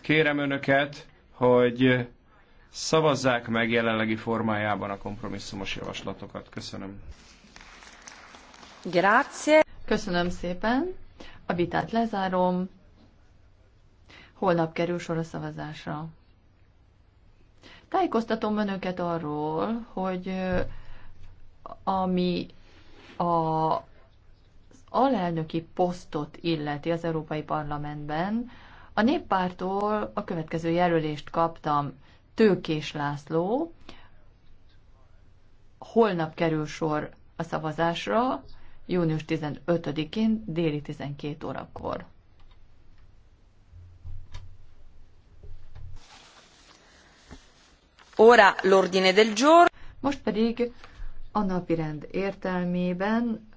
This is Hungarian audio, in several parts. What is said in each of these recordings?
Kérem önöket, hogy szavazzák meg jelenlegi formájában a kompromisszumos javaslatokat. Köszönöm. Grazie. Köszönöm szépen. A vitát lezárom. Holnap kerül sor a szavazásra. Tájékoztatom önöket arról, hogy ami a alelnöki posztot illeti az Európai Parlamentben, a néppártól a következő jelölést kaptam. Tőkés László. Holnap kerül sor a szavazásra, június 15-én déli 12 órakor. Ora l'ordine del giorno. Most pedig a napirend értelmében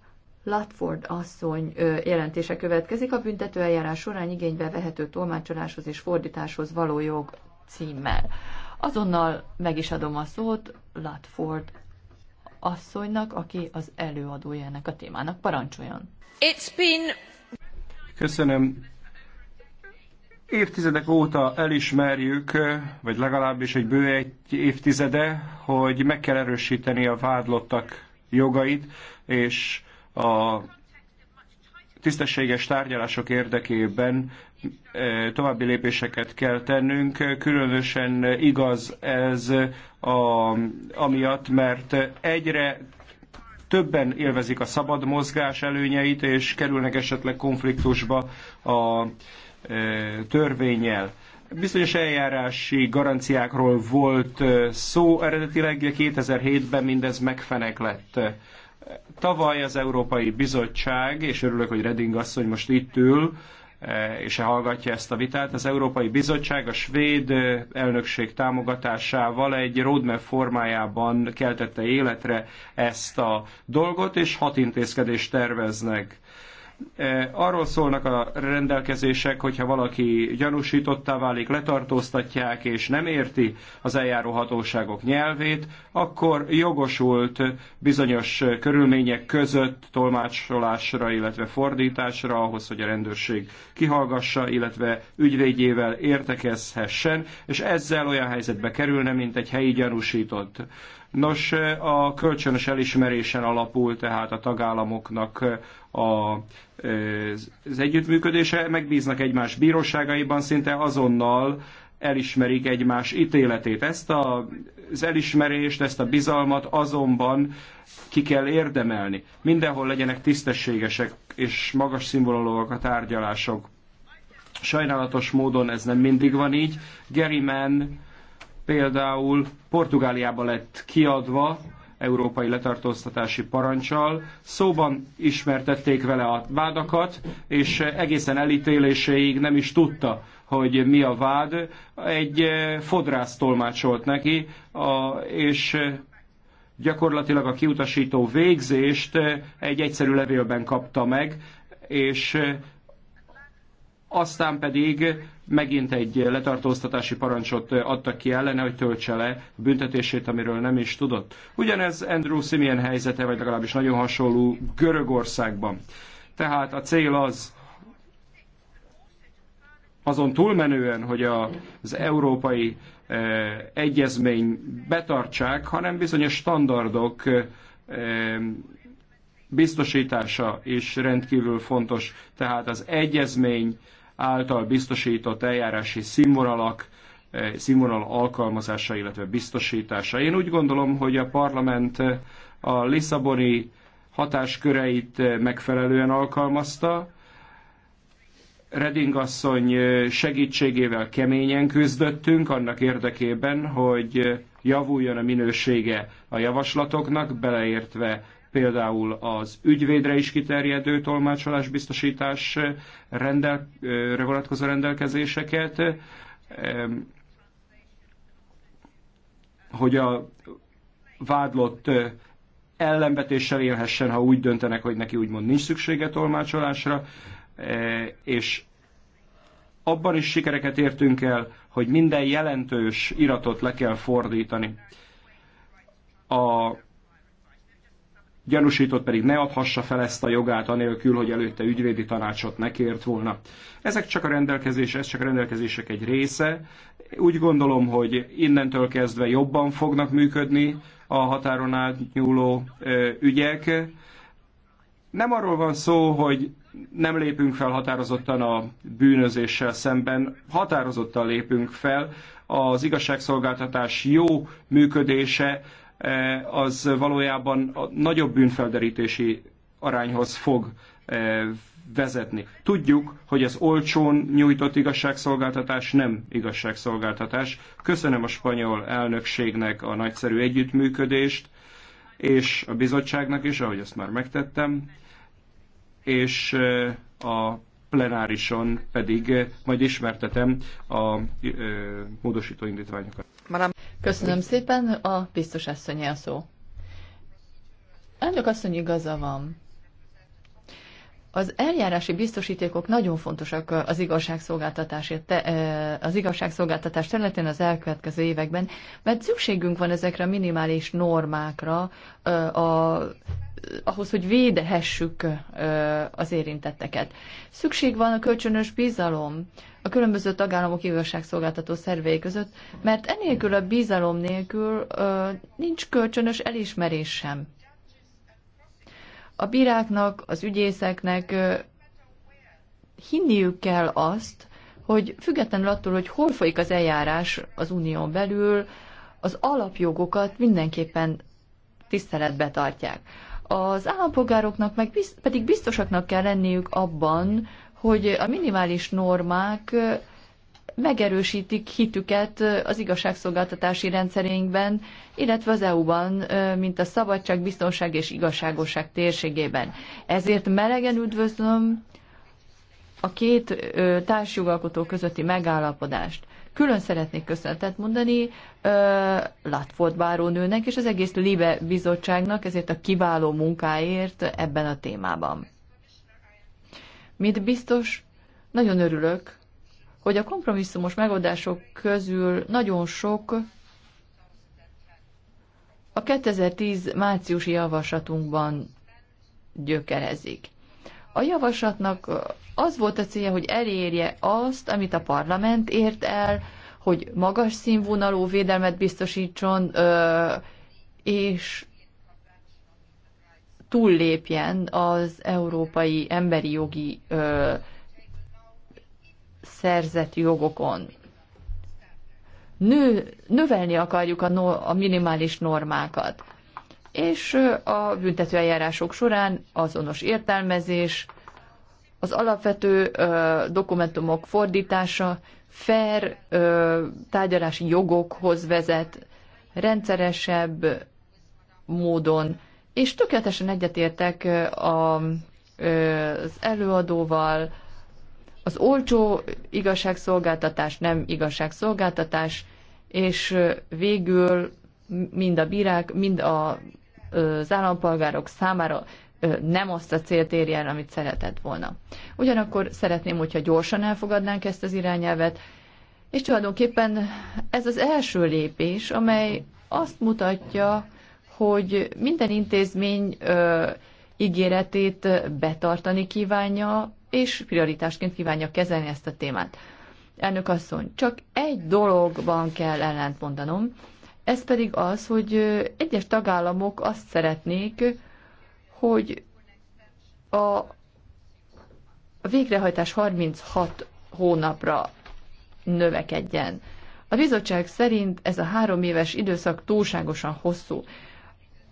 Latford asszony jelentése következik a büntetőeljárás során igénybe vehető tolmácsoláshoz és fordításhoz való jog címmel. Azonnal meg is adom a szót Latford asszonynak, aki az előadója ennek a témának. Parancsoljon! It's been... Köszönöm. Évtizedek óta elismerjük, vagy legalábbis egy bő egy évtizede, hogy meg kell erősíteni a vádlottak jogait, és a tisztességes tárgyalások érdekében e, további lépéseket kell tennünk, különösen igaz ez a, amiatt, mert egyre többen élvezik a szabad mozgás előnyeit, és kerülnek esetleg konfliktusba a e, törvényel. Bizonyos eljárási garanciákról volt e, szó, eredetileg 2007-ben mindez megfenek lett. Tavaly az Európai Bizottság, és örülök, hogy Reding asszony most itt ül, e, és hallgatja ezt a vitát, az Európai Bizottság a svéd e, elnökség támogatásával egy roadmap formájában keltette életre ezt a dolgot, és hat intézkedést terveznek Eh, arról szólnak a rendelkezések, hogyha valaki gyanúsítottá válik, letartóztatják és nem érti az eljáró hatóságok nyelvét, akkor jogosult bizonyos körülmények között tolmácsolásra, illetve fordításra, ahhoz, hogy a rendőrség kihallgassa, illetve ügyvédjével értekezhessen, és ezzel olyan helyzetbe kerülne, mint egy helyi gyanúsított. Nos, a kölcsönös elismerésen alapul tehát a tagállamoknak a, az együttműködése, megbíznak egymás bíróságaiban, szinte azonnal elismerik egymás ítéletét. Ezt a, az elismerést, ezt a bizalmat azonban ki kell érdemelni. Mindenhol legyenek tisztességesek és magas színvonalúak a tárgyalások. Sajnálatos módon ez nem mindig van így. Gary Mann például Portugáliába lett kiadva európai letartóztatási parancsal. Szóban ismertették vele a vádakat, és egészen elítéléséig nem is tudta, hogy mi a vád. Egy eh, fodrász tolmácsolt neki, és eh, gyakorlatilag a kiutasító végzést eh, egy egyszerű levélben kapta meg, és aztán pedig megint egy letartóztatási parancsot adtak ki ellene, hogy töltse le büntetését, amiről nem is tudott. Ugyanez Andrew Simien helyzete, vagy legalábbis nagyon hasonló Görögországban. Tehát a cél az, azon túlmenően, hogy a, az európai e, egyezmény betartsák, hanem bizonyos standardok e, biztosítása is rendkívül fontos. Tehát az egyezmény által biztosított eljárási színvonalak, eh, színvonal alkalmazása, illetve biztosítása. Én úgy gondolom, hogy a parlament eh, a Lisszaboni hatásköreit eh, megfelelően alkalmazta, Reding asszony segítségével keményen küzdöttünk annak érdekében, hogy javuljon a minősége a javaslatoknak, beleértve például az ügyvédre is kiterjedő tolmácsolás biztosítás rendel, vonatkozó rendelkezéseket, hogy a vádlott ellenvetéssel élhessen, ha úgy döntenek, hogy neki úgymond nincs szüksége tolmácsolásra, és abban is sikereket értünk el, hogy minden jelentős iratot le kell fordítani. A gyanúsított pedig ne adhassa fel ezt a jogát anélkül, hogy előtte ügyvédi tanácsot ne kért volna. Ezek csak a rendelkezés, ez csak a rendelkezések egy része. Úgy gondolom, hogy innentől kezdve jobban fognak működni a határon átnyúló ügyek. Nem arról van szó, hogy nem lépünk fel határozottan a bűnözéssel szemben, határozottan lépünk fel. Az igazságszolgáltatás jó működése Eh, az valójában a nagyobb bűnfelderítési arányhoz fog eh, vezetni. Tudjuk, hogy az olcsón nyújtott igazságszolgáltatás nem igazságszolgáltatás. Köszönöm a spanyol elnökségnek a nagyszerű együttműködést, és a bizottságnak is, ahogy ezt már megtettem, és eh, a plenárison pedig majd ismertetem a módosító indítványokat. Köszönöm szépen, a biztos asszony a szó. Elnök asszony igaza van. Az eljárási biztosítékok nagyon fontosak az igazságszolgáltatás, eh, az igazságszolgáltatás területén az elkövetkező években, mert szükségünk van ezekre a minimális normákra eh, a ahhoz, hogy védehessük az érintetteket. Szükség van a kölcsönös bizalom a különböző tagállamok igazságszolgáltató szervei között, mert enélkül a bizalom nélkül nincs kölcsönös elismerés sem. A bíráknak, az ügyészeknek hinniük kell azt, hogy függetlenül attól, hogy hol folyik az eljárás az unión belül, az alapjogokat mindenképpen tiszteletbe tartják. Az állampolgároknak meg biz, pedig biztosaknak kell lenniük abban, hogy a minimális normák megerősítik hitüket az igazságszolgáltatási rendszerénkben, illetve az EU-ban, mint a szabadság, biztonság és igazságosság térségében. Ezért melegen üdvözlöm a két társjogalkotó közötti megállapodást. Külön szeretnék köszönetet mondani Latford bárónőnek és az egész Libe bizottságnak ezért a kiváló munkáért ebben a témában. Mint biztos, nagyon örülök, hogy a kompromisszumos megoldások közül nagyon sok a 2010 márciusi javaslatunkban gyökerezik. A javaslatnak az volt a célja, hogy elérje azt, amit a parlament ért el, hogy magas színvonalú védelmet biztosítson, és túllépjen az európai emberi jogi szerzett jogokon. Nő, növelni akarjuk a, no, a minimális normákat és a büntetőeljárások során azonos értelmezés, az alapvető ö, dokumentumok fordítása fair ö, tárgyalási jogokhoz vezet, rendszeresebb módon, és tökéletesen egyetértek a, ö, az előadóval, az olcsó igazságszolgáltatás nem igazságszolgáltatás, és végül mind a bírák, mind a az állampolgárok számára nem azt a célt érjen, amit szeretett volna. Ugyanakkor szeretném, hogyha gyorsan elfogadnánk ezt az irányelvet, és tulajdonképpen ez az első lépés, amely azt mutatja, hogy minden intézmény ö, ígéretét betartani kívánja, és prioritásként kívánja kezelni ezt a témát. Elnök asszony, csak egy dologban kell ellentmondanom, mondanom, ez pedig az, hogy egyes tagállamok azt szeretnék, hogy a végrehajtás 36 hónapra növekedjen. A bizottság szerint ez a három éves időszak túlságosan hosszú.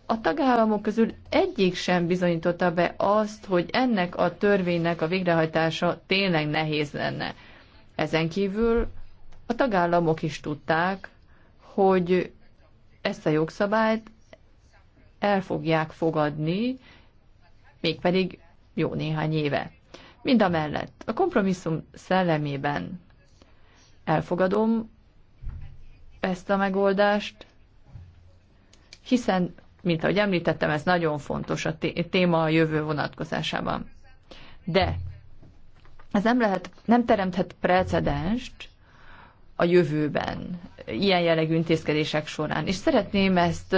A tagállamok közül egyik sem bizonyította be azt, hogy ennek a törvénynek a végrehajtása tényleg nehéz lenne. Ezen kívül a tagállamok is tudták, hogy ezt a jogszabályt el fogják fogadni, mégpedig jó néhány éve. Mind a mellett, a kompromisszum szellemében elfogadom ezt a megoldást, hiszen, mint ahogy említettem, ez nagyon fontos a téma a jövő vonatkozásában. De ez nem, lehet, nem teremthet precedenst, a jövőben, ilyen jellegű intézkedések során. És szeretném ezt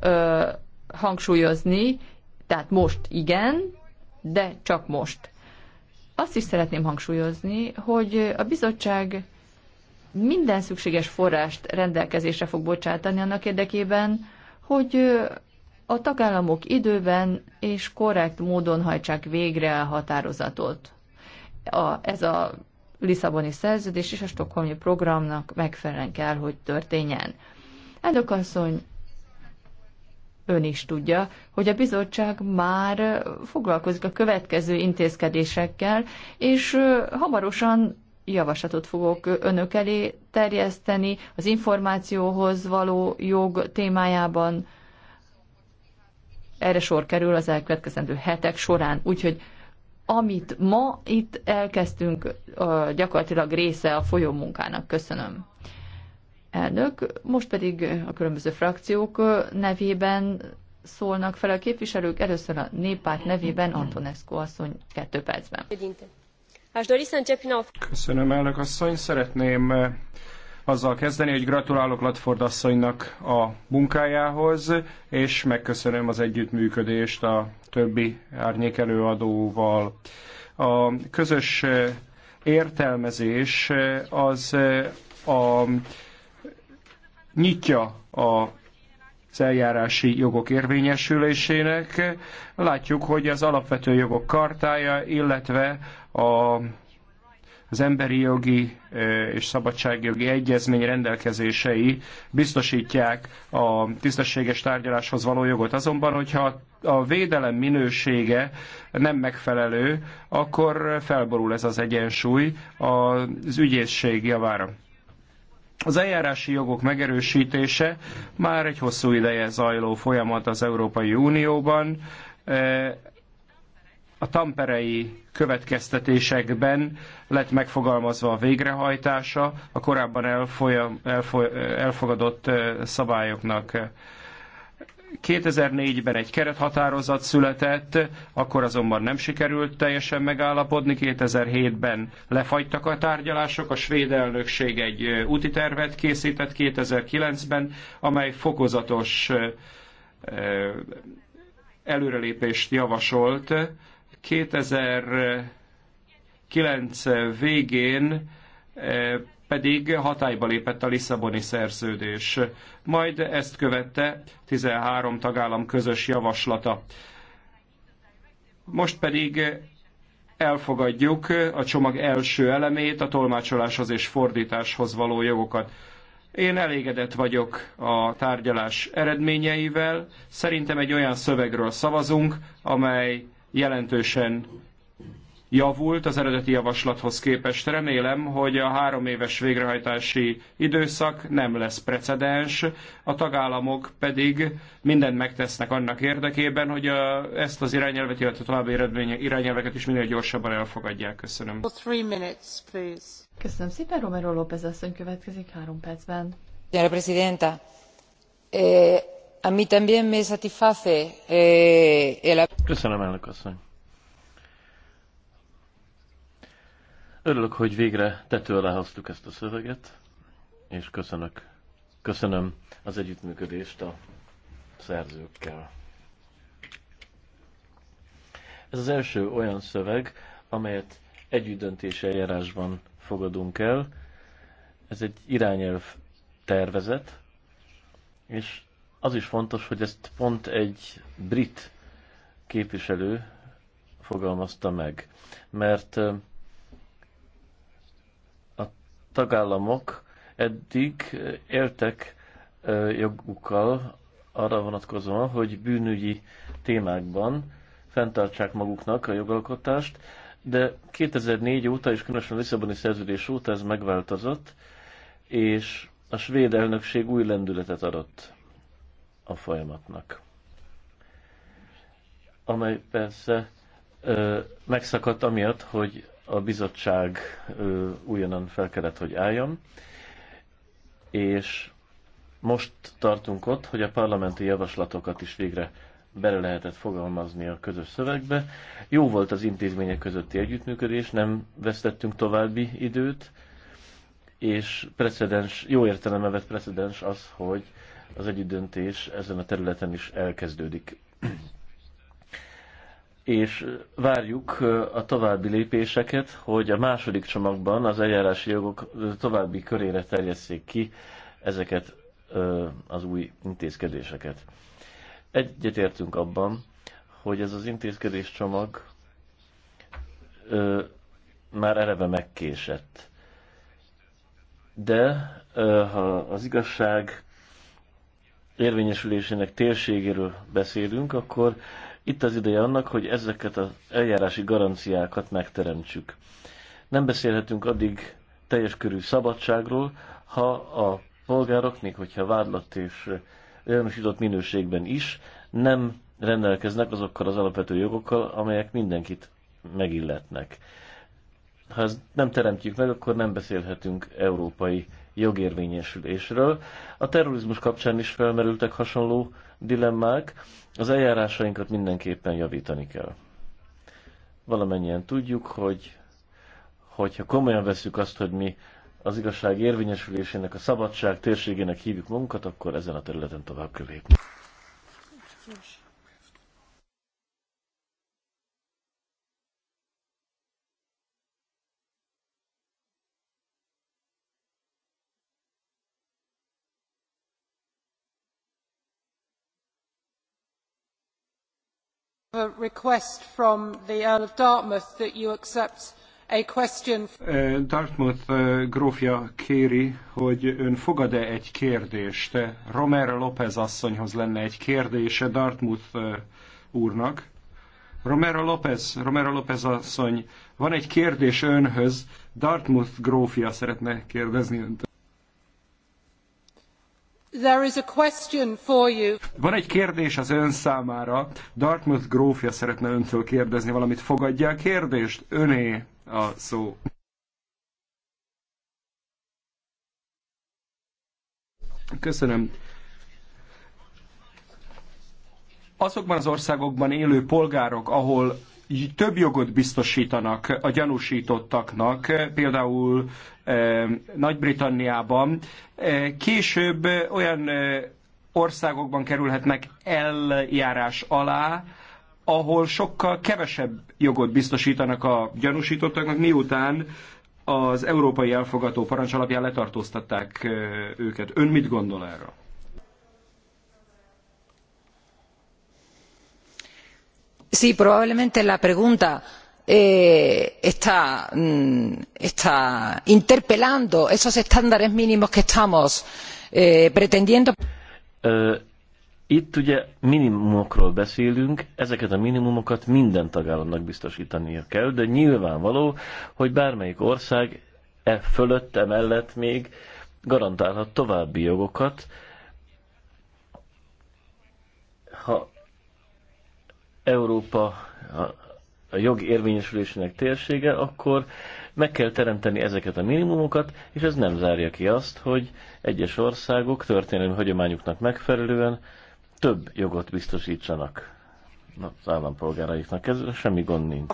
ö, hangsúlyozni, tehát most igen, de csak most. Azt is szeretném hangsúlyozni, hogy a bizottság minden szükséges forrást rendelkezésre fog bocsátani annak érdekében, hogy a tagállamok időben és korrekt módon hajtsák végre a határozatot. A, ez a Lisszaboni szerződés és a stokholmi programnak megfelelően kell, hogy történjen. Elnök asszony, ön is tudja, hogy a bizottság már foglalkozik a következő intézkedésekkel, és hamarosan javaslatot fogok önök elé terjeszteni az információhoz való jog témájában. Erre sor kerül az elkövetkezendő hetek során, úgyhogy amit ma itt elkezdtünk, gyakorlatilag része a folyó munkának Köszönöm. Elnök, most pedig a különböző frakciók nevében szólnak fel a képviselők. Először a néppárt nevében Antonescu asszony kettő percben. Köszönöm, elnök asszony. Szeretném azzal kezdeni, hogy gratulálok Latford asszonynak a munkájához, és megköszönöm az együttműködést a többi árnyékelőadóval. A közös eh, értelmezés eh, az eh, a, nyitja a az eljárási jogok érvényesülésének. Látjuk, hogy az alapvető jogok kartája, illetve a az emberi jogi és szabadságjogi egyezmény rendelkezései biztosítják a tisztességes tárgyaláshoz való jogot. Azonban, hogyha a védelem minősége nem megfelelő, akkor felborul ez az egyensúly az ügyészség javára. Az eljárási jogok megerősítése már egy hosszú ideje zajló folyamat az Európai Unióban a tamperei következtetésekben lett megfogalmazva a végrehajtása a korábban elfolyam, elfoly, elfogadott szabályoknak. 2004-ben egy kerethatározat született, akkor azonban nem sikerült teljesen megállapodni. 2007-ben lefagytak a tárgyalások, a svéd elnökség egy úti tervet készített 2009-ben, amely fokozatos előrelépést javasolt 2009 végén eh, pedig hatályba lépett a Lisszaboni szerződés. Majd ezt követte 13 tagállam közös javaslata. Most pedig elfogadjuk a csomag első elemét, a tolmácsoláshoz és fordításhoz való jogokat. Én elégedett vagyok a tárgyalás eredményeivel. Szerintem egy olyan szövegről szavazunk, amely jelentősen javult az eredeti javaslathoz képest. Remélem, hogy a három éves végrehajtási időszak nem lesz precedens, a tagállamok pedig mindent megtesznek annak érdekében, hogy a, ezt az irányelvet, illetve további irányelveket is minél gyorsabban elfogadják. Köszönöm. Köszönöm szépen, Romero López asszony következik három percben. Señora Presidenta, eh, Eh, köszönöm, Örülök, hogy végre tető alá hoztuk ezt a szöveget, és köszönök, köszönöm az együttműködést a szerzőkkel. Ez az első olyan szöveg, amelyet együttdöntési eljárásban fogadunk el. Ez egy irányelv tervezet, és az is fontos, hogy ezt pont egy brit képviselő fogalmazta meg, mert a tagállamok eddig éltek jogukkal arra vonatkozóan, hogy bűnügyi témákban fenntartsák maguknak a jogalkotást, de 2004 óta és különösen a Lisszaboni szerződés óta ez megváltozott, és a svéd elnökség új lendületet adott a folyamatnak, amely persze ö, megszakadt amiatt, hogy a bizottság ö, újonnan fel kellett, hogy álljon, és most tartunk ott, hogy a parlamenti javaslatokat is végre bele lehetett fogalmazni a közös szövegbe. Jó volt az intézmények közötti együttműködés, nem vesztettünk további időt, és precedens, jó értelembe vett precedens az, hogy az együttdöntés ezen a területen is elkezdődik. És várjuk a további lépéseket, hogy a második csomagban az eljárási jogok további körére terjesszék ki ezeket az új intézkedéseket. Egyetértünk abban, hogy ez az intézkedés csomag már eleve megkésett. De ha az igazság érvényesülésének térségéről beszélünk, akkor itt az ideje annak, hogy ezeket az eljárási garanciákat megteremtsük. Nem beszélhetünk addig teljes körű szabadságról, ha a polgárok, még hogyha vádlott és gyanúsított minőségben is, nem rendelkeznek azokkal az alapvető jogokkal, amelyek mindenkit megilletnek. Ha ezt nem teremtjük meg, akkor nem beszélhetünk európai jogérvényesülésről. A terrorizmus kapcsán is felmerültek hasonló dilemmák, az eljárásainkat mindenképpen javítani kell. Valamennyien tudjuk, hogy hogyha komolyan veszük azt, hogy mi az igazság érvényesülésének, a szabadság térségének hívjuk magunkat, akkor ezen a területen tovább kell lépni. a Dartmouth Dartmouth grófja kéri, hogy ön fogad-e egy kérdést? Romero López asszonyhoz lenne egy kérdése Dartmouth eh, úrnak. Romero López, Romero López asszony, van egy kérdés önhöz. Dartmouth grófja szeretne kérdezni önt. Van egy kérdés az ön számára. Dartmouth grófja szeretne öntől kérdezni valamit. Fogadja a kérdést? Öné a szó. Köszönöm. Azokban az országokban élő polgárok, ahol több jogot biztosítanak a gyanúsítottaknak, például e, Nagy-Britanniában, e, később olyan e, országokban kerülhetnek eljárás alá, ahol sokkal kevesebb jogot biztosítanak a gyanúsítottaknak, miután az európai elfogató parancs alapján letartóztatták őket. Ön mit gondol erről? sí probablemente la pregunta eh, mm, está interpelando esos estándares mínimos que estamos eh, pretendiendo. Itt ugye minimumokról beszélünk, ezeket a minimumokat minden tagállamnak biztosítania kell, de nyilvánvaló, hogy bármelyik ország e fölött, emellett még garantálhat további jogokat, ha Európa a jog érvényesülésének térsége, akkor meg kell teremteni ezeket a minimumokat, és ez nem zárja ki azt, hogy egyes országok történelmi hagyományuknak megfelelően több jogot biztosítsanak az állampolgáraiknak. Ez semmi gond nincs.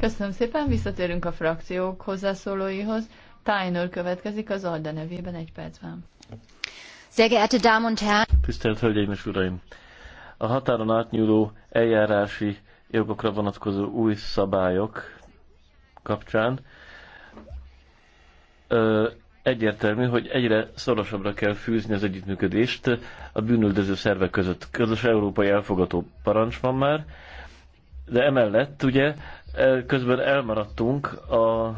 Köszönöm szépen, visszatérünk a frakciók hozzászólóihoz. Tájnől következik az Alda nevében egy percben. Sehr geehrte Damen und Herren! Tisztelt Hölgyeim és Uraim! a határon átnyúló eljárási jogokra vonatkozó új szabályok kapcsán egyértelmű, hogy egyre szorosabbra kell fűzni az együttműködést a bűnüldöző szervek között. Közös európai elfogató parancs van már, de emellett ugye közben elmaradtunk a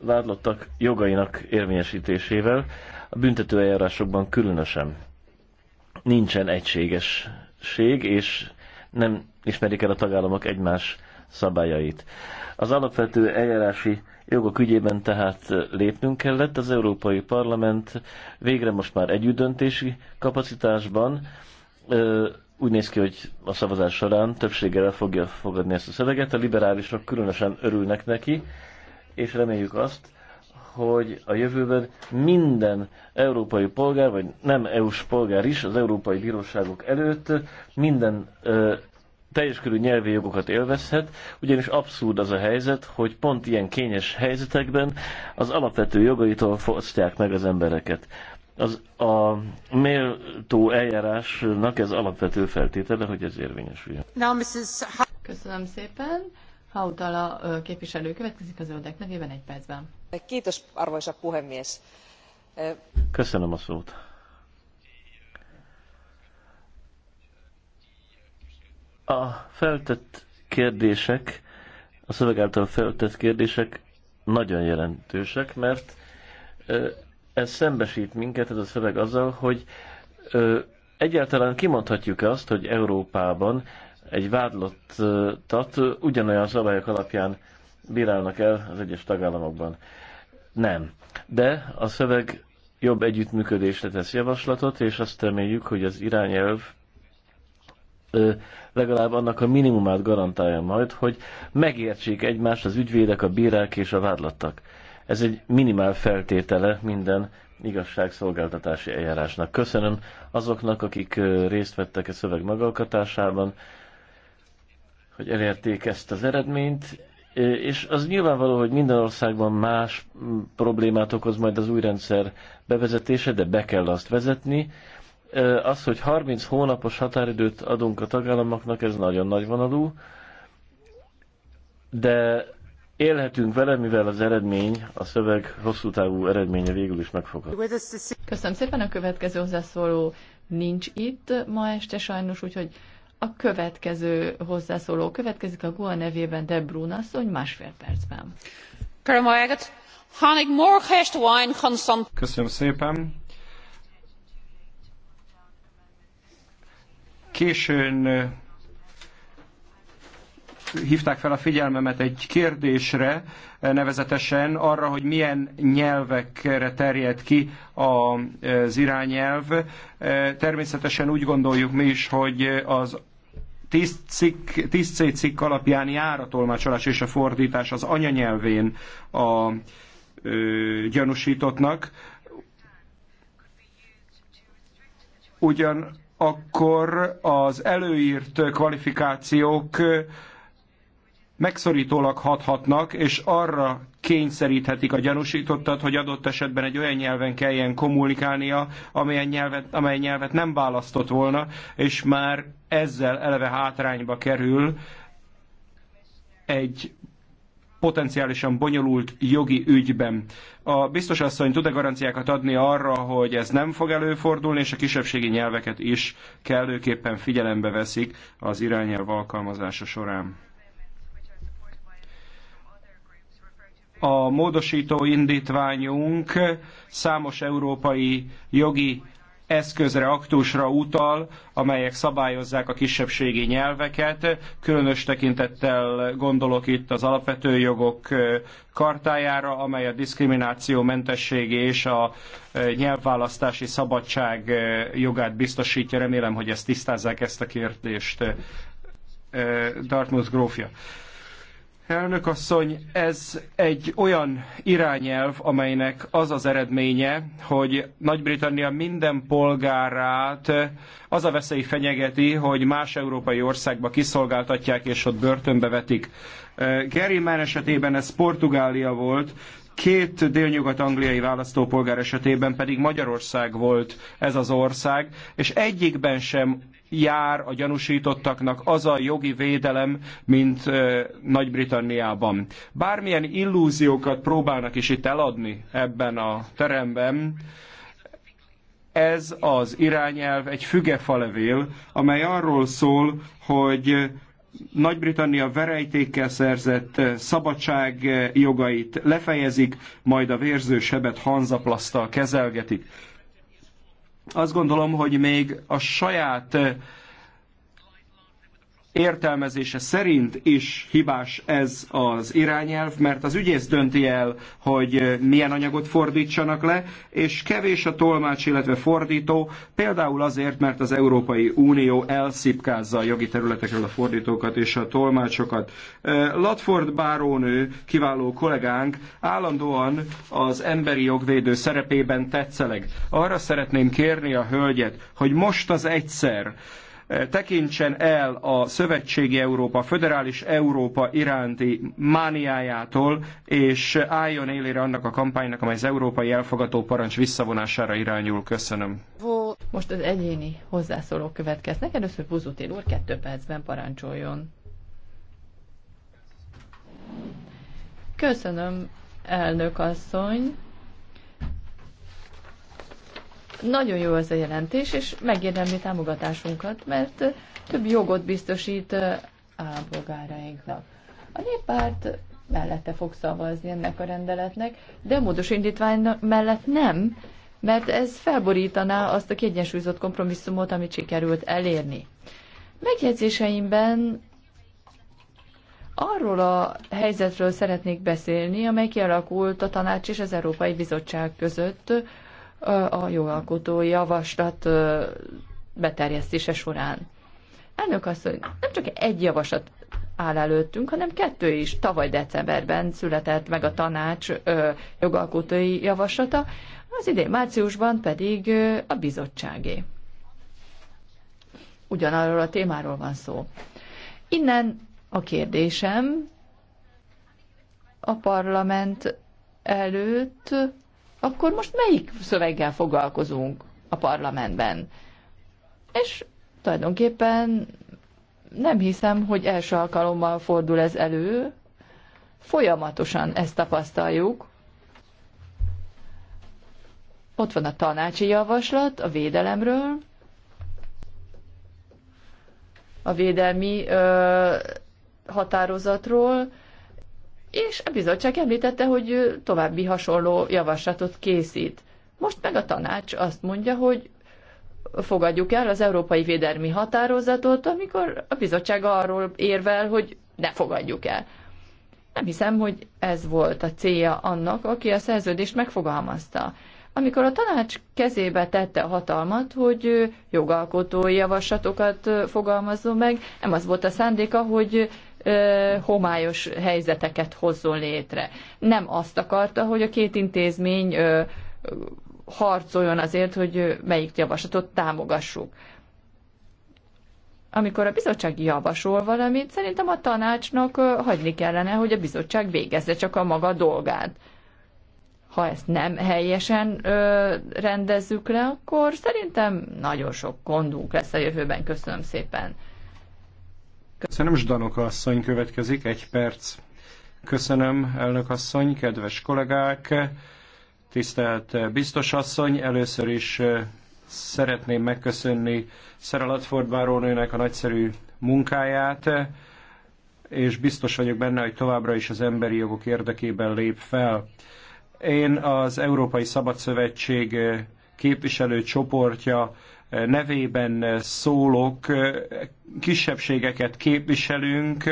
vádlottak jogainak érvényesítésével, a büntetőeljárásokban különösen nincsen egységes különbség, és nem ismerik el a tagállamok egymás szabályait. Az alapvető eljárási jogok ügyében tehát lépnünk kellett. Az Európai Parlament végre most már együttdöntési kapacitásban úgy néz ki, hogy a szavazás során többséggel el fogja fogadni ezt a szöveget. A liberálisok különösen örülnek neki, és reméljük azt, hogy a jövőben minden európai polgár, vagy nem EU-s polgár is az európai bíróságok előtt minden ö, teljes körű nyelvi jogokat élvezhet, ugyanis abszurd az a helyzet, hogy pont ilyen kényes helyzetekben az alapvető jogaitól fosztják meg az embereket. Az, a méltó eljárásnak ez alapvető feltétele, hogy ez érvényesüljön. Köszönöm szépen. Hautala képviselő következik az öldek nevében egy percben arvoisa puhemies köszönöm a A feltett kérdések, a szöveg által feltett kérdések nagyon jelentősek, mert ez szembesít minket, ez a szöveg azzal, hogy egyáltalán kimondhatjuk-e azt, hogy Európában egy vádlottat ugyanolyan szabályok alapján bírálnak el az egyes tagállamokban. Nem. De a szöveg jobb együttműködésre tesz javaslatot, és azt reméljük, hogy az irányelv legalább annak a minimumát garantálja majd, hogy megértsék egymást az ügyvédek, a bírák és a vádlattak. Ez egy minimál feltétele minden igazságszolgáltatási eljárásnak. Köszönöm azoknak, akik részt vettek a szöveg megalkotásában, hogy elérték ezt az eredményt, és az nyilvánvaló, hogy minden országban más problémát okoz majd az új rendszer bevezetése, de be kell azt vezetni. Az, hogy 30 hónapos határidőt adunk a tagállamoknak, ez nagyon nagy vonalú, de élhetünk vele, mivel az eredmény, a szöveg hosszú távú eredménye végül is megfogad. Köszönöm szépen a következő hozzászóló nincs itt ma este sajnos, úgyhogy a következő hozzászóló következik a Goa nevében De Brun asszony másfél percben. Köszönöm szépen. Későn hívták fel a figyelmemet egy kérdésre, nevezetesen arra, hogy milyen nyelvekre terjed ki az irányelv. Természetesen úgy gondoljuk mi is, hogy az 10 c cikk alapján jár a tolmácsolás és a fordítás az anyanyelvén a ö, gyanúsítottnak, ugyanakkor az előírt kvalifikációk megszorítólag hathatnak, és arra kényszeríthetik a gyanúsítottat, hogy adott esetben egy olyan nyelven kelljen kommunikálnia, amelyen nyelvet, amely nyelvet nem választott volna, és már ezzel eleve hátrányba kerül egy potenciálisan bonyolult jogi ügyben. A biztos asszony tud-e garanciákat adni arra, hogy ez nem fog előfordulni, és a kisebbségi nyelveket is kellőképpen figyelembe veszik az irányelv alkalmazása során? a módosító indítványunk számos európai jogi eszközre, aktusra utal, amelyek szabályozzák a kisebbségi nyelveket. Különös tekintettel gondolok itt az alapvető jogok kartájára, amely a diszkrimináció mentessége és a e, nyelvválasztási szabadság e, jogát biztosítja. Remélem, hogy ezt tisztázzák ezt a kérdést. E, Dartmouth grófja. Elnök asszony, ez egy olyan irányelv, amelynek az az eredménye, hogy Nagy-Britannia minden polgárát az a veszély fenyegeti, hogy más európai országba kiszolgáltatják és ott börtönbe vetik. Mann esetében ez Portugália volt, Két délnyugat-angliai választópolgár esetében pedig Magyarország volt ez az ország, és egyikben sem jár a gyanúsítottaknak az a jogi védelem, mint Nagy-Britanniában. Bármilyen illúziókat próbálnak is itt eladni ebben a teremben, ez az irányelv egy fügefalevél, amely arról szól, hogy nagy-Britannia verejtékkel szerzett szabadság jogait lefejezik, majd a vérző sebet hanzaplasztal kezelgetik. Azt gondolom, hogy még a saját értelmezése szerint is hibás ez az irányelv, mert az ügyész dönti el, hogy eh, milyen anyagot fordítsanak le, és kevés a tolmács, illetve fordító, például azért, mert az Európai Unió elszipkázza a jogi területekről a fordítókat és a tolmácsokat. Eh, Latford bárónő, kiváló kollégánk, állandóan az emberi jogvédő szerepében tetszeleg. Arra szeretném kérni a hölgyet, hogy most az egyszer tekintsen el a szövetségi Európa, föderális Európa iránti mániájától, és álljon élére annak a kampánynak, amely az európai elfogató parancs visszavonására irányul. Köszönöm. Most az egyéni hozzászólók következnek. Először Buzutil úr kettő percben parancsoljon. Köszönöm, elnök asszony. Nagyon jó ez a jelentés, és megérdemli támogatásunkat, mert több jogot biztosít a polgárainknak. A néppárt mellette fog szavazni ennek a rendeletnek, de a módos indítvány mellett nem, mert ez felborítaná azt a kiegyensúlyozott kompromisszumot, amit sikerült elérni. Megjegyzéseimben arról a helyzetről szeretnék beszélni, amely kialakult a tanács és az Európai Bizottság között a jogalkotó javaslat beterjesztése során. Elnök asszony, nem csak egy javaslat áll előttünk, hanem kettő is. Tavaly decemberben született meg a tanács jogalkotói javaslata, az idén márciusban pedig a bizottságé. Ugyanarról a témáról van szó. Innen a kérdésem a parlament előtt akkor most melyik szöveggel foglalkozunk a parlamentben? És tulajdonképpen nem hiszem, hogy első alkalommal fordul ez elő, folyamatosan ezt tapasztaljuk. Ott van a tanácsi javaslat a védelemről, a védelmi ö, határozatról, és a bizottság említette, hogy további hasonló javaslatot készít. Most meg a tanács azt mondja, hogy fogadjuk el az Európai Védelmi Határozatot, amikor a bizottság arról érvel, hogy ne fogadjuk el. Nem hiszem, hogy ez volt a célja annak, aki a szerződést megfogalmazta. Amikor a tanács kezébe tette a hatalmat, hogy jogalkotói javaslatokat fogalmazzon meg, nem az volt a szándéka, hogy homályos helyzeteket hozzon létre. Nem azt akarta, hogy a két intézmény harcoljon azért, hogy melyik javaslatot támogassuk. Amikor a bizottság javasol valamit, szerintem a tanácsnak hagyni kellene, hogy a bizottság végezze csak a maga dolgát. Ha ezt nem helyesen ö, rendezzük le, akkor szerintem nagyon sok gondunk lesz a jövőben. Köszönöm szépen! Köszönöm, Zsdanok asszony következik, egy perc. Köszönöm, elnök asszony, kedves kollégák, tisztelt biztos asszony, először is szeretném megköszönni Szerelat Latford a nagyszerű munkáját, és biztos vagyok benne, hogy továbbra is az emberi jogok érdekében lép fel. Én az Európai Szabadszövetség képviselő csoportja nevében szólok, kisebbségeket képviselünk,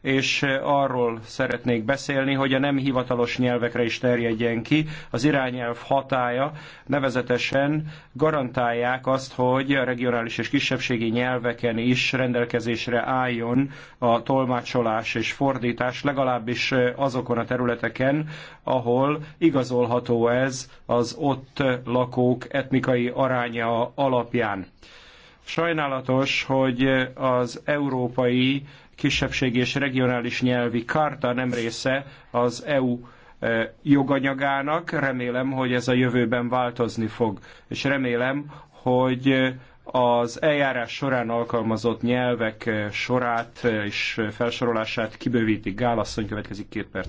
és arról szeretnék beszélni, hogy a nem hivatalos nyelvekre is terjedjen ki. Az irányelv hatája nevezetesen garantálják azt, hogy a regionális és kisebbségi nyelveken is rendelkezésre álljon a tolmácsolás és fordítás, legalábbis azokon a területeken, ahol igazolható ez az ott lakók etnikai aránya alapján. Sajnálatos, hogy az európai kisebbségi és regionális nyelvi karta nem része az EU eh, joganyagának. Remélem, hogy ez a jövőben változni fog, és remélem, hogy az eljárás során alkalmazott nyelvek eh, sorát eh, és felsorolását kibővítik. Gálasszony következik két perc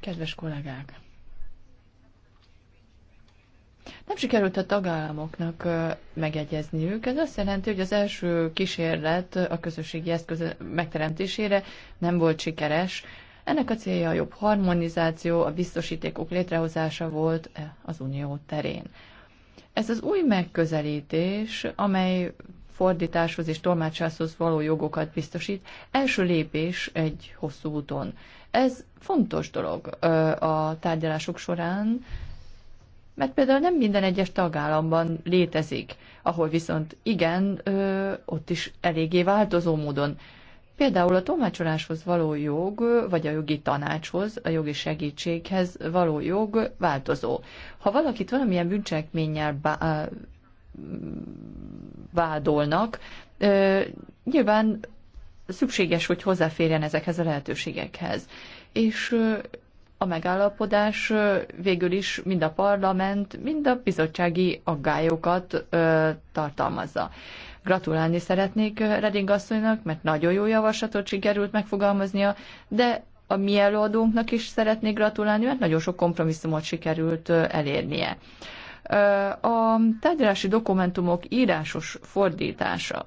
Kedves kollégák! Nem sikerült a tagállamoknak megegyezniük. Ez azt jelenti, hogy az első kísérlet a közösségi eszköz megteremtésére nem volt sikeres. Ennek a célja a jobb harmonizáció, a biztosítékok létrehozása volt az unió terén. Ez az új megközelítés, amely fordításhoz és tolmácsászhoz való jogokat biztosít, első lépés egy hosszú úton. Ez fontos dolog a tárgyalások során, mert például nem minden egyes tagállamban létezik, ahol viszont igen, ott is eléggé változó módon. Például a tolmácsoláshoz való jog, vagy a jogi tanácshoz, a jogi segítséghez való jog változó. Ha valakit valamilyen bűncselekménnyel vádolnak, nyilván szükséges, hogy hozzáférjen ezekhez a lehetőségekhez. És a megállapodás végül is mind a parlament, mind a bizottsági aggályokat tartalmazza. Gratulálni szeretnék Reding asszonynak, mert nagyon jó javaslatot sikerült megfogalmaznia, de a mi előadónknak is szeretnék gratulálni, mert nagyon sok kompromisszumot sikerült elérnie. A tárgyalási dokumentumok írásos fordítása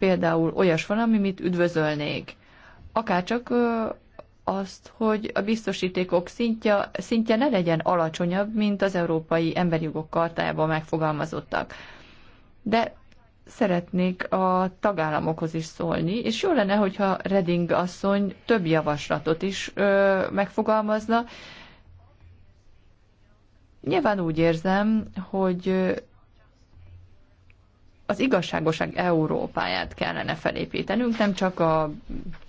például olyas van, amit üdvözölnék. Akárcsak azt, hogy a biztosítékok szintje, szintje ne legyen alacsonyabb, mint az Európai Emberi Jogok Kartájában megfogalmazottak. De szeretnék a tagállamokhoz is szólni, és jó lenne, hogyha Reding asszony több javaslatot is ö, megfogalmazna. Nyilván úgy érzem, hogy az igazságoság Európáját kellene felépítenünk, nem csak a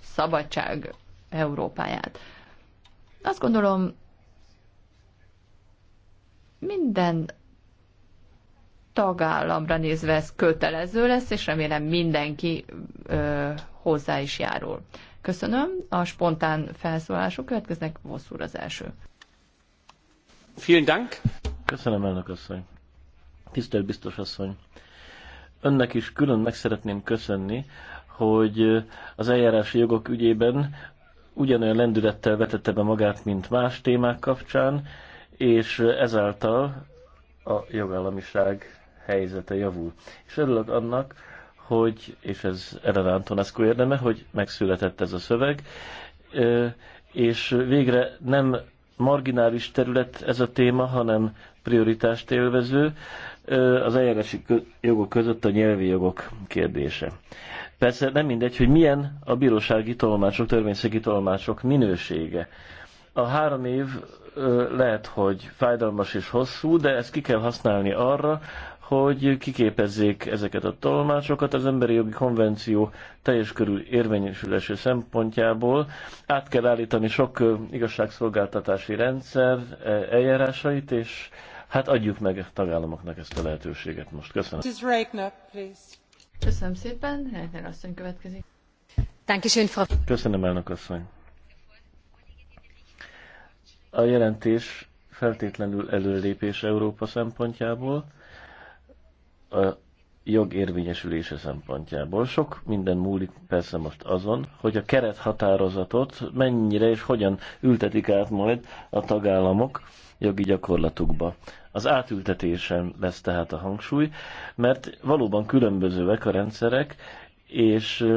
szabadság Európáját. Azt gondolom, minden tagállamra nézve ez kötelező lesz, és remélem mindenki ö, hozzá is járul. Köszönöm. A spontán felszólások következnek. úr az első. Vielen Dank. Köszönöm, elnök asszony. Tisztelt biztos asszony önnek is külön meg szeretném köszönni, hogy az eljárási jogok ügyében ugyanolyan lendülettel vetette be magát, mint más témák kapcsán, és ezáltal a jogállamiság helyzete javul. És örülök annak, hogy, és ez Ellen Antonescu érdeme, hogy megszületett ez a szöveg, és végre nem marginális terület ez a téma, hanem prioritást élvező, az eljárási jogok között a nyelvi jogok kérdése. Persze nem mindegy, hogy milyen a bírósági tolmácsok, törvényszegi tolmácsok minősége. A három év lehet, hogy fájdalmas és hosszú, de ezt ki kell használni arra, hogy kiképezzék ezeket a tolmácsokat az emberi jogi konvenció teljes körül érvényesülési szempontjából. Át kell állítani sok igazságszolgáltatási rendszer e, eljárásait, és Hát adjuk meg a tagállamoknak ezt a lehetőséget most. Köszönöm. Köszönöm szépen. Reitner asszony következik. Köszönöm, elnök asszony. A jelentés feltétlenül előlépés Európa szempontjából, a jog érvényesülése szempontjából. Sok minden múlik persze most azon, hogy a kerethatározatot mennyire és hogyan ültetik át majd a tagállamok jogi gyakorlatukba. Az átültetésen lesz tehát a hangsúly, mert valóban különbözőek a rendszerek, és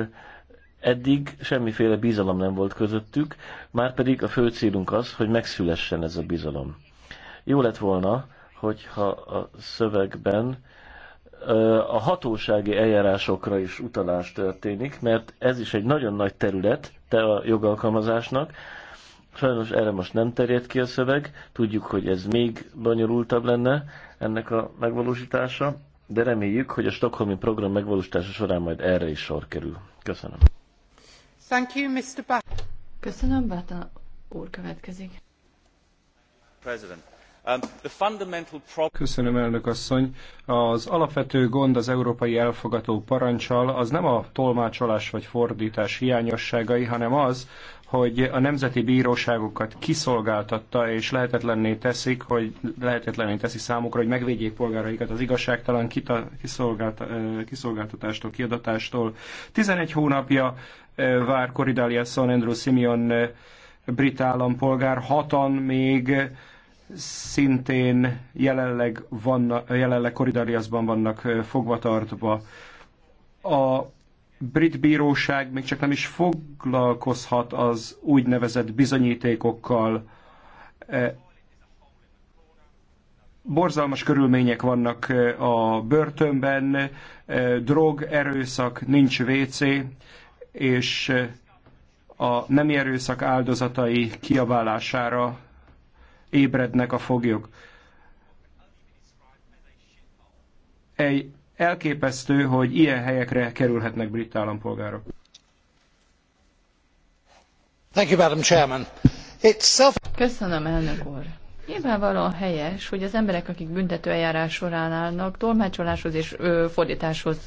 eddig semmiféle bizalom nem volt közöttük, már pedig a fő célunk az, hogy megszülessen ez a bizalom. Jó lett volna, hogyha a szövegben a hatósági eljárásokra is utalás történik, mert ez is egy nagyon nagy terület te a jogalkalmazásnak, Sajnos erre most nem terjed ki a szöveg, tudjuk, hogy ez még bonyolultabb lenne ennek a megvalósítása, de reméljük, hogy a Stockholmi program megvalósítása során majd erre is sor kerül. Köszönöm. Thank you, Mr. Ba- Köszönöm, Báta úr következik. President. Um, Köszönöm, Az alapvető gond az európai elfogató parancsal az nem a tolmácsolás vagy fordítás hiányosságai, hanem az, hogy a nemzeti bíróságokat kiszolgáltatta és lehetetlenné teszik, hogy lehetetlenné teszi számukra, hogy megvédjék polgáraikat az igazságtalan kiszolgáltatástól, kiadatástól. 11 hónapja vár Koridália San Andrew Simeon brit állampolgár, hatan még szintén jelenleg, vannak, jelenleg koridariaszban vannak fogvatartva. A brit bíróság még csak nem is foglalkozhat az úgynevezett bizonyítékokkal. Borzalmas körülmények vannak a börtönben, drog, erőszak, nincs WC, és a nem erőszak áldozatai kiabálására ébrednek a foglyok. Egy elképesztő, hogy ilyen helyekre kerülhetnek brit állampolgárok. Thank you, Madam Chairman. It's self... Köszönöm, elnök úr. Nyilvánvalóan helyes, hogy az emberek, akik büntetőeljárás során állnak, tolmácsoláshoz és ö, fordításhoz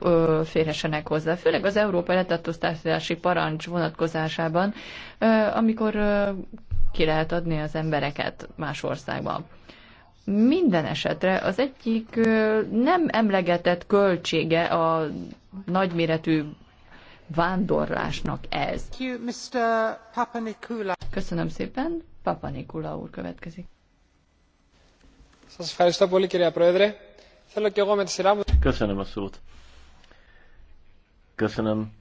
ö, férhessenek hozzá, főleg az európai letartóztatási parancs vonatkozásában, ö, amikor ö, ki lehet adni az embereket más országban. Minden esetre az egyik nem emlegetett költsége a nagyméretű vándorlásnak ez. Köszönöm szépen. Papa Nikula úr következik. Köszönöm a szót. Köszönöm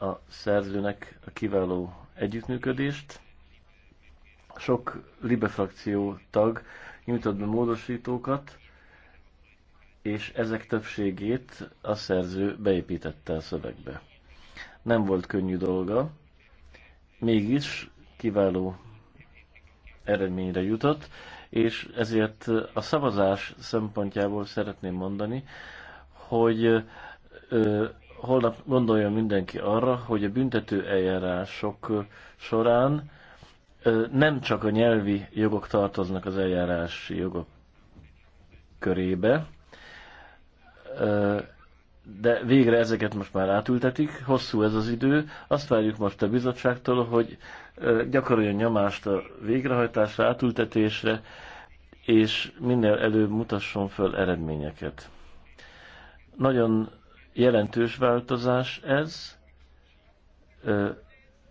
a szerzőnek a kiváló együttműködést sok Libe frakció tag nyújtott be módosítókat, és ezek többségét a szerző beépítette a szövegbe. Nem volt könnyű dolga, mégis kiváló eredményre jutott, és ezért a szavazás szempontjából szeretném mondani, hogy ö, holnap gondoljon mindenki arra, hogy a büntető eljárások során nem csak a nyelvi jogok tartoznak az eljárási jogok körébe, de végre ezeket most már átültetik, hosszú ez az idő, azt várjuk most a bizottságtól, hogy gyakoroljon nyomást a végrehajtásra, átültetésre, és minél előbb mutasson föl eredményeket. Nagyon jelentős változás ez,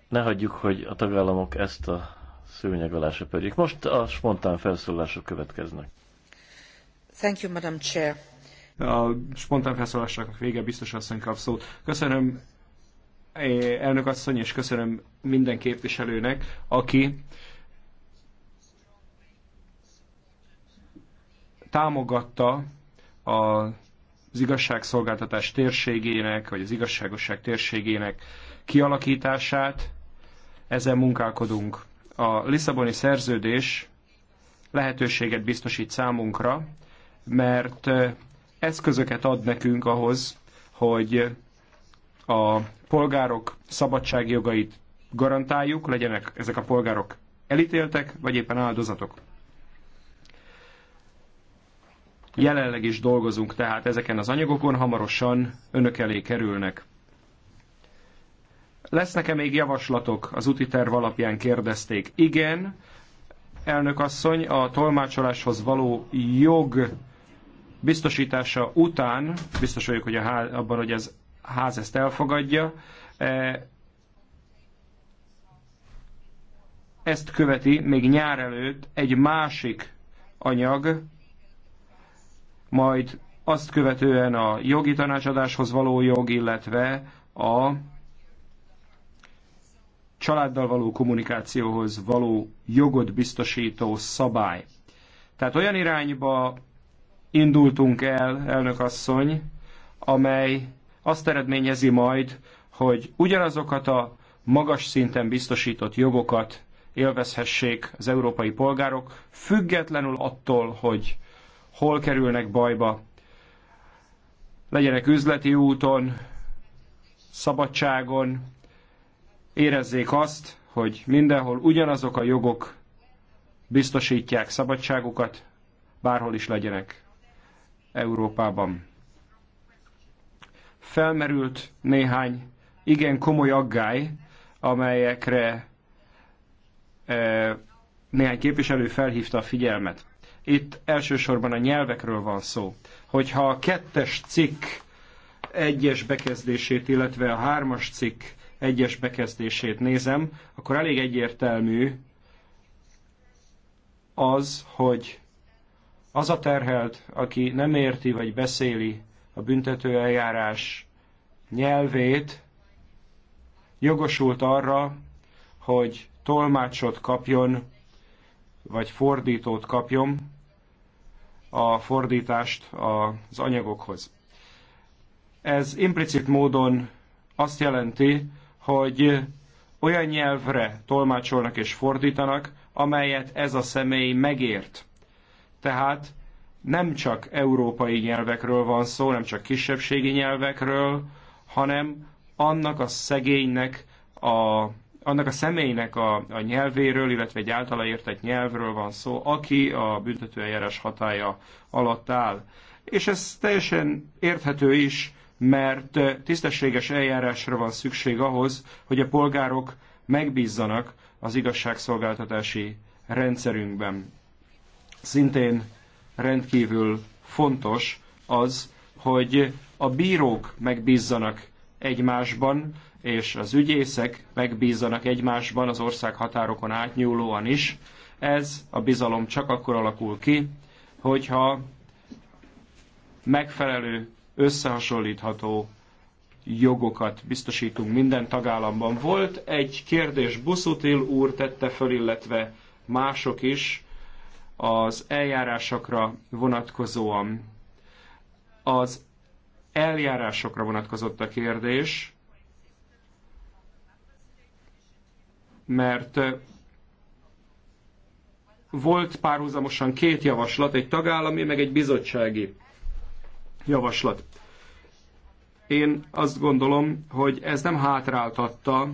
ne hagyjuk, hogy a tagállamok ezt a szőnyeg alá söpörjük. Most a spontán felszólások következnek. Thank you, Madam Chair. A spontán felszólásoknak vége biztos asszony kap szót. Köszönöm eh, elnök asszony, és köszönöm minden képviselőnek, aki támogatta a az igazságszolgáltatás térségének, vagy az igazságosság térségének kialakítását. Ezen munkálkodunk a Lisszaboni szerződés lehetőséget biztosít számunkra, mert eszközöket ad nekünk ahhoz, hogy a polgárok szabadságjogait garantáljuk, legyenek ezek a polgárok elítéltek, vagy éppen áldozatok. Jelenleg is dolgozunk tehát ezeken az anyagokon, hamarosan önök elé kerülnek. Lesznek-e még javaslatok? Az úti terv alapján kérdezték. Igen, elnök asszony, a tolmácsoláshoz való jog biztosítása után, biztos vagyok, hogy a ház, abban, hogy ez ház ezt elfogadja, e, ezt követi még nyár előtt egy másik anyag, majd azt követően a jogi tanácsadáshoz való jog, illetve a családdal való kommunikációhoz való jogot biztosító szabály. Tehát olyan irányba indultunk el, elnök asszony, amely azt eredményezi majd, hogy ugyanazokat a magas szinten biztosított jogokat élvezhessék az európai polgárok, függetlenül attól, hogy hol kerülnek bajba, legyenek üzleti úton, szabadságon, érezzék azt, hogy mindenhol ugyanazok a jogok biztosítják szabadságukat, bárhol is legyenek Európában. Felmerült néhány igen komoly aggály, amelyekre e, néhány képviselő felhívta a figyelmet. Itt elsősorban a nyelvekről van szó. Hogyha a kettes cikk egyes bekezdését, illetve a hármas cikk egyes bekezdését nézem, akkor elég egyértelmű az, hogy az a terhelt, aki nem érti vagy beszéli a büntető eljárás nyelvét, jogosult arra, hogy tolmácsot kapjon, vagy fordítót kapjon a fordítást az anyagokhoz. Ez implicit módon azt jelenti, hogy olyan nyelvre tolmácsolnak és fordítanak, amelyet ez a személy megért. Tehát nem csak európai nyelvekről van szó, nem csak kisebbségi nyelvekről, hanem annak a szegénynek, a, annak a személynek a, a nyelvéről, illetve egy általa értett nyelvről van szó, aki a büntetőeljárás hatája alatt áll. És ez teljesen érthető is, mert tisztességes eljárásra van szükség ahhoz, hogy a polgárok megbízzanak az igazságszolgáltatási rendszerünkben. Szintén rendkívül fontos az, hogy a bírók megbízzanak egymásban, és az ügyészek megbízzanak egymásban az ország határokon átnyúlóan is. Ez a bizalom csak akkor alakul ki, hogyha megfelelő összehasonlítható jogokat biztosítunk minden tagállamban. Volt egy kérdés, Buszutil úr tette föl, illetve mások is az eljárásokra vonatkozóan. Az eljárásokra vonatkozott a kérdés, mert volt párhuzamosan két javaslat, egy tagállami, meg egy bizottsági javaslat. Én azt gondolom, hogy ez nem hátráltatta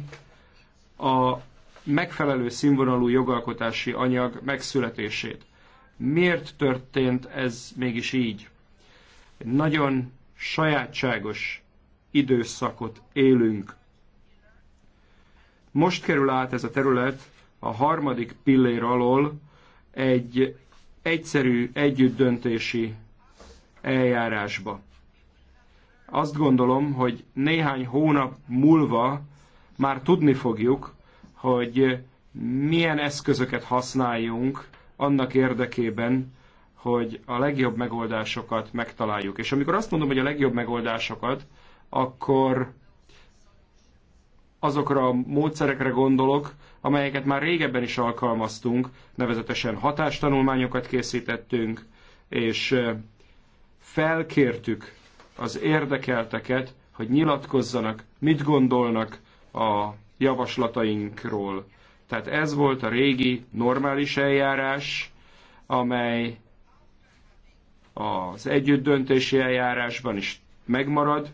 a megfelelő színvonalú jogalkotási anyag megszületését. Miért történt ez mégis így? Egy nagyon sajátságos időszakot élünk. Most kerül át ez a terület a harmadik pillér alól egy egyszerű együttdöntési eljárásba. Azt gondolom, hogy néhány hónap múlva már tudni fogjuk, hogy milyen eszközöket használjunk annak érdekében, hogy a legjobb megoldásokat megtaláljuk. És amikor azt mondom, hogy a legjobb megoldásokat, akkor azokra a módszerekre gondolok, amelyeket már régebben is alkalmaztunk, nevezetesen hatástanulmányokat készítettünk, és felkértük az érdekelteket, hogy nyilatkozzanak, mit gondolnak a javaslatainkról. Tehát ez volt a régi normális eljárás, amely az együttdöntési eljárásban is megmarad,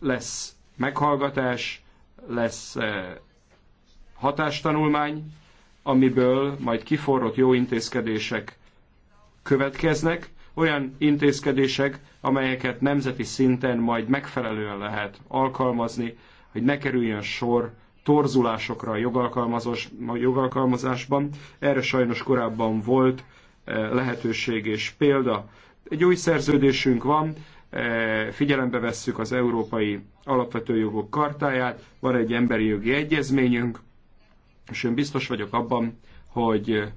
lesz meghallgatás, lesz e, hatástanulmány, amiből majd kiforrott jó intézkedések következnek, olyan intézkedések, amelyeket nemzeti szinten majd megfelelően lehet alkalmazni, hogy ne kerüljön sor torzulásokra a jogalkalmazásban. Erre sajnos korábban volt eh, lehetőség és példa. Egy új szerződésünk van, eh, figyelembe vesszük az Európai Alapvető Jogok Kartáját, van egy emberi jogi egyezményünk, és én biztos vagyok abban, hogy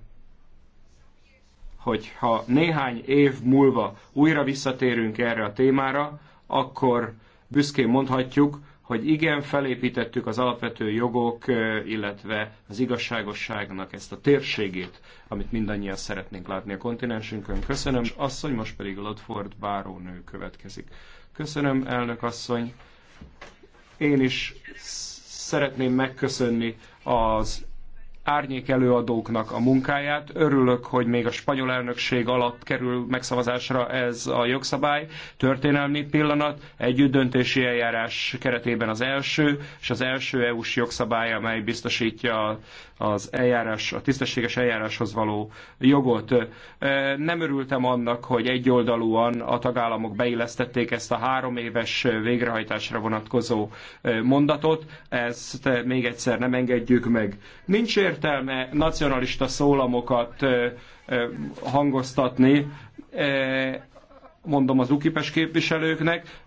hogyha néhány év múlva újra visszatérünk erre a témára, akkor büszkén mondhatjuk, hogy igen, felépítettük az alapvető jogok, illetve az igazságosságnak ezt a térségét, amit mindannyian szeretnénk látni a kontinensünkön. Köszönöm, asszony, most pedig Ladford bárónő következik. Köszönöm, elnök asszony. Én is szeretném megköszönni az árnyék előadóknak a munkáját. Örülök, hogy még a spanyol elnökség alatt kerül megszavazásra ez a jogszabály. Történelmi pillanat, együtt döntési eljárás keretében az első, és az első EU-s jogszabály, amely biztosítja az eljárás, a tisztességes eljáráshoz való jogot. Nem örültem annak, hogy egyoldalúan a tagállamok beillesztették ezt a három éves végrehajtásra vonatkozó mondatot, ezt még egyszer nem engedjük meg. Nincs értelme nacionalista szólamokat hangoztatni, mondom az ukipes képviselőknek,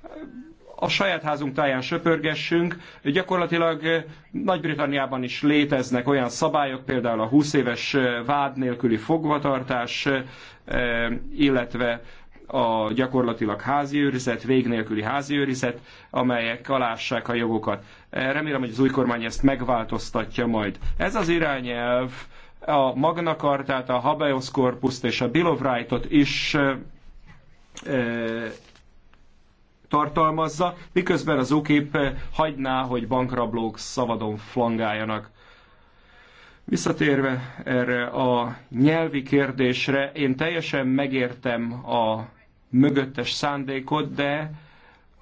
a saját házunk táján söpörgessünk. Gyakorlatilag eh, Nagy-Britanniában is léteznek olyan szabályok, például a 20 éves eh, vád nélküli fogvatartás, eh, illetve a gyakorlatilag házi őrizet, vég nélküli házi őrizet, amelyek alássák a jogokat. Remélem, hogy az új kormány ezt megváltoztatja majd. Ez az irányelv a Magna Cartát, a Habeos t és a Bill of Rightot is tartalmazza, miközben az UKIP hagyná, hogy bankrablók szabadon flangáljanak. Visszatérve erre a nyelvi kérdésre, én teljesen megértem a mögöttes szándékot, de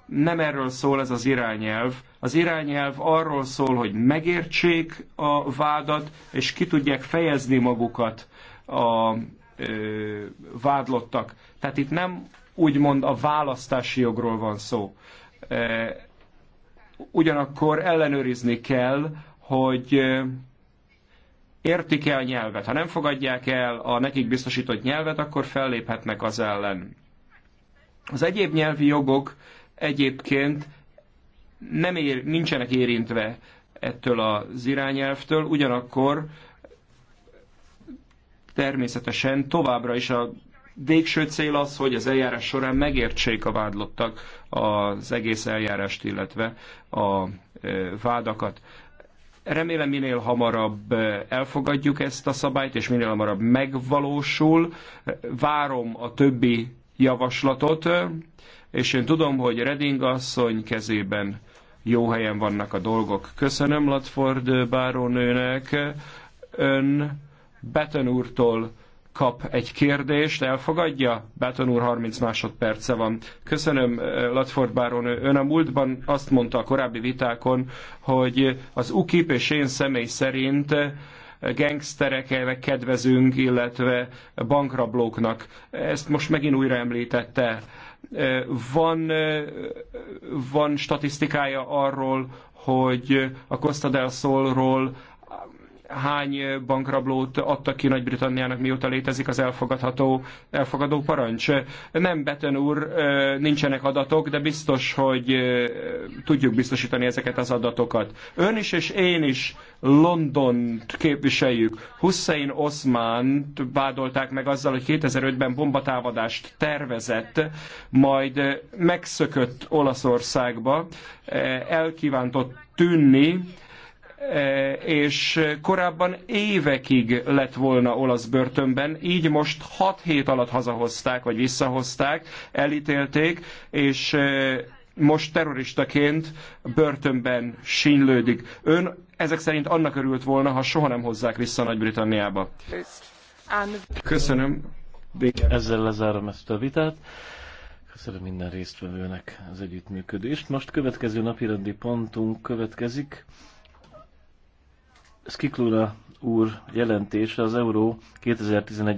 nem erről szól ez az irányelv. Az irányelv arról szól, hogy megértsék a vádat, és ki tudják fejezni magukat a ö, vádlottak. Tehát itt nem úgymond a választási jogról van szó. E, ugyanakkor ellenőrizni kell, hogy e, értik-e a nyelvet. Ha nem fogadják el a nekik biztosított nyelvet, akkor felléphetnek az ellen. Az egyéb nyelvi jogok egyébként nem ér, nincsenek érintve ettől az irányelvtől, ugyanakkor természetesen továbbra is a végső cél az, hogy az eljárás során megértsék a vádlottak az egész eljárást, illetve a e, vádakat. Remélem minél hamarabb e, elfogadjuk ezt a szabályt, és minél hamarabb megvalósul. Várom a többi javaslatot, e, és én tudom, hogy Reding asszony kezében jó helyen vannak a dolgok. Köszönöm Latford bárónőnek, ön Betten úrtól kap egy kérdést, elfogadja? Báton úr 30 másodperce van. Köszönöm, eh, Latford Báron. Ön a múltban azt mondta a korábbi vitákon, hogy az UKIP és én személy szerint eh, gengsztereknek kedvezünk, illetve bankrablóknak. Ezt most megint újra említette. Eh, van, van statisztikája arról, hogy a Costa del Solról hány bankrablót adtak ki Nagy-Britanniának, mióta létezik az elfogadható, elfogadó parancs. Nem, Beten úr, nincsenek adatok, de biztos, hogy tudjuk biztosítani ezeket az adatokat. Ön is és én is Londont képviseljük. Hussein Oszmánt vádolták meg azzal, hogy 2005-ben bombatámadást tervezett, majd megszökött Olaszországba, elkívántott tűnni, E, és korábban évekig lett volna olasz börtönben, így most 6 hét alatt hazahozták, vagy visszahozták, elítélték, és e, most terroristaként börtönben sínlődik. Ön ezek szerint annak örült volna, ha soha nem hozzák vissza Nagy-Britanniába. Köszönöm. Ezzel lezárom ezt a vitát. Köszönöm minden résztvevőnek az együttműködést. Most következő napirendi pontunk következik. Skiklura úr jelentése az Euró 2011